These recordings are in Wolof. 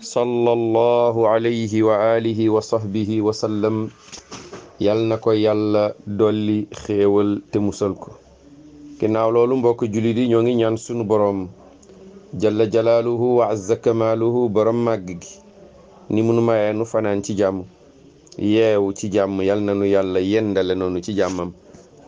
sallallahu alayhi wa alihi wa sahbihi wa sallam yal na ko yàlla dolli xéewal te musal ko ginnaaw loolu mbokk jullit yi ñoo ngi ñaan sunu boroom jalla jalaaluhu wa azza kamaaluhu borom màgg gi ni munu mayee nu fanaan ci jàmm yeewu ci jàmm yal na nu yàlla yendale noonu ci jàmmam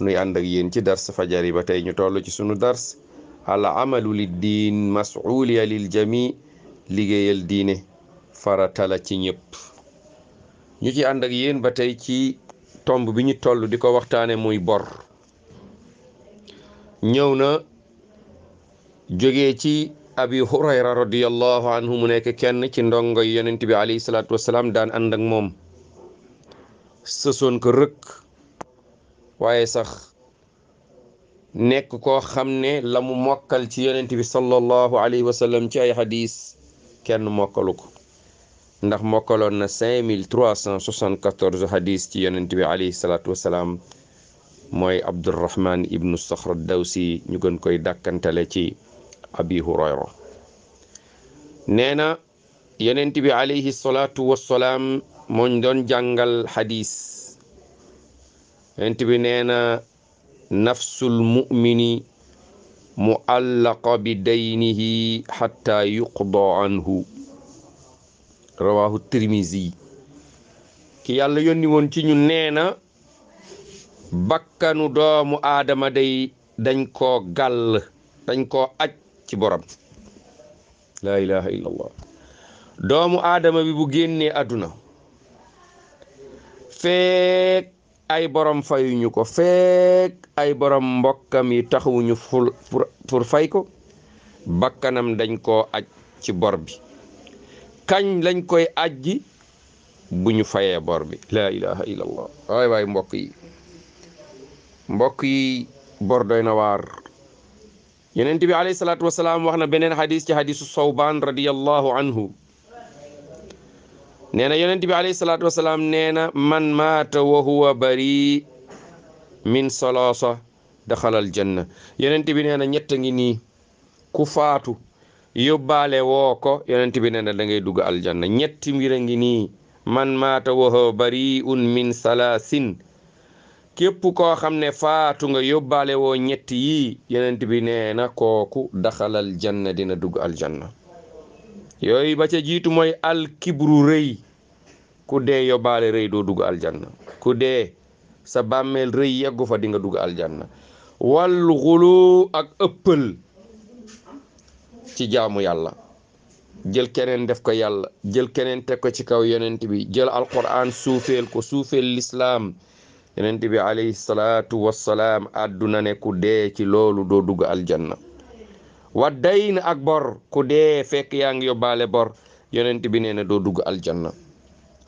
nuy ànd ak yéen ci dars fajar yi ba tey ñu toll ci sunu dars al amalu lid masuuliya lil jami liggéeyal diine faratala ci ñépp ñu ci ànd ak yéen ba tey ci tomb bi ñu toll di ko waxtaane muy bor ñëw na jóge ci abi hurayra radiyallahu mu nekk kenn ci ndongo yonent bi alayhi salaatu wasalaam daan ànd ak moom sësoon ko rëkk waaye sax nekk koo xam ne la mu mokkal ci yonent bi sallallahu alayhi wasallam ci ay hadis kenn mokkalu ko ndax mokkaloon na 5374 hadis ci yonent bi alayhi salaatu wasalaam mooy abdurrahman ibnu saxra dawsi ñu gën koy dàkkantale ci abi hurayra nee na yonent bi alayhi salaatu wasalaam mooñ doon jàngal hadis yonent bi nee na nafsul muallaqa bi daynihi xatta yuqda anhu rawahu tirmisi ki yàlla yónni woon ci ñu nee na bakkanu doomu aadama day dañ koo gàll dañ ko aj ci borom laa ilaha illa doomu aadama bi bu génnee àdduna feek ay borom fayuñu ko fekk ay borom mbokkam yi taxawuñu ful pour fay ko bakkanam dañ ko aj ci bor bi kañ lañ koy ajji bu ñu fayee bor bi laa ilaha illallah waay mbokk yi mbokk yi bor doy na waar yenent bi alayhi salaatu wasalaam wax na beneen xadis ci xadisu sawbaan radiyallahu anhu nee na yonent bi alayhi salaatu nee na man maata wa bari min soloso daxalal janna yonent bi nee na ñett ngi nii ku faatu yóbbaale woo ko yonent bi nee na da ngay dugg aljanna ñetti mbir a ngi nii man maata wa huwa bari un min salaasin képp koo xam ne faatu nga yóbbaale woo ñett yii yonent bi nee na kooku daxalal janna dina dugg aljanna yooyu ba ca jiitu mooy alkibru rëy ku dee yóbbaale rëy doo dugg aljanna ku dee sa bàmmeel rëy yeggu fa di nga dugg aljanna wal xulu ak ëppël ci jamu yàlla jël keneen def ko yàlla jël keneen teg ko ci kaw yonent bi jël alquran suufeel ko suufeel lislaam yonent bi alayhi salaatu wassalaam àdduna ne ku ci loolu doo dugg aljanna wa dayn ak bor ku dee fekk yaa ngi yóbbaale bor yonent bi nee doo dugg aljanna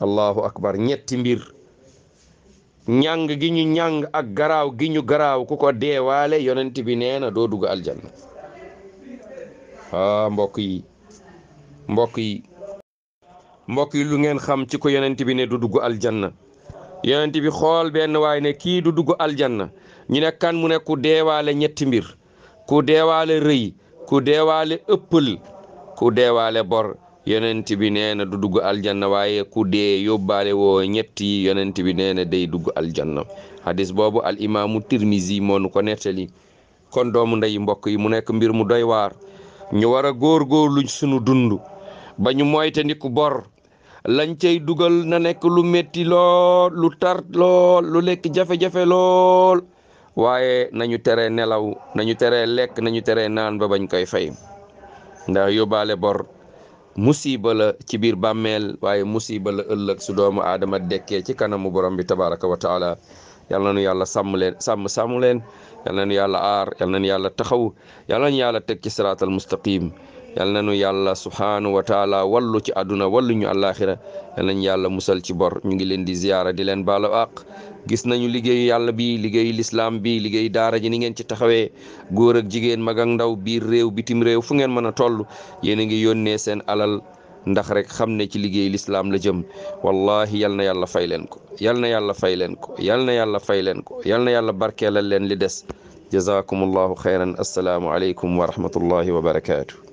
allahu akbar ñetti mbir ñàng gi ñu ñàng ak garaw gi garaaw ku ko deewaale yonent bi nee doo dugg aljanna ah mbokk yi mbokk yi mbokk yi lu ngeen xam ci ko yonent bi ne du dugg aljanna yonent bi xool benn waay ne kii du dugg aljanna ñu ne kan mu ne ku deewaale ñetti mbir ku deewaale rëy ku deewaale ëppal ku deewaale bor yonent bi nee na du dugg aljanna waaye ku dee yóbbaale woo ñett yonent bi nee na day dugg aljanna hadis boobu al imaamu tirmizi moo nu ko nettali kon doomu ndey mbokk yi mu nekk mbir mu doy waar ñu war a góorgóorlu sunu dund bañu ñu moytandiku bor lañ cey dugal na nekk lu metti lool lu tar lool lu lekk jafe-jafe lool waaye nañu tere nelaw nañu tere lekk nañu tere naan ba bañ koy fay ndax yóbbaale bor musiba la ci biir bàmmeel waaye musiba la ëllëg su doomu aadama dekkee ci kanamu borom bi tabaraka wa taala yal na nu yàlla sàmm leen sàmm sàmm leen yal yàlla aar yal na nu yàlla taxaw yal na nu yàlla teg ci siraatal mustaqim yal na nu yàlla subhaanahu wa taala wallu ci àdduna wallu ñu àllaaxira yal nañu yàlla musal ci bor ñu ngi leen di ziyaara di leen baalu àq gis nañu liggéey yàlla bi liggéey lislaam bi liggéey daara ji ni ngeen ci taxawee góor ak jigéen mag ak ndaw biir réew bitim réew fu ngeen mën a toll yéen a ngi yónnee seen alal ndax rek xam ne ci liggéey lislaam la jëm wallahi yal na yàlla fay leen ko yal na yàlla fay leen ko yal na yàlla fay leen ko yal na yàlla barkeelal leen li des jazakumullahu xayran assalaamu aleykum wa rahmatullahi wa barakaatu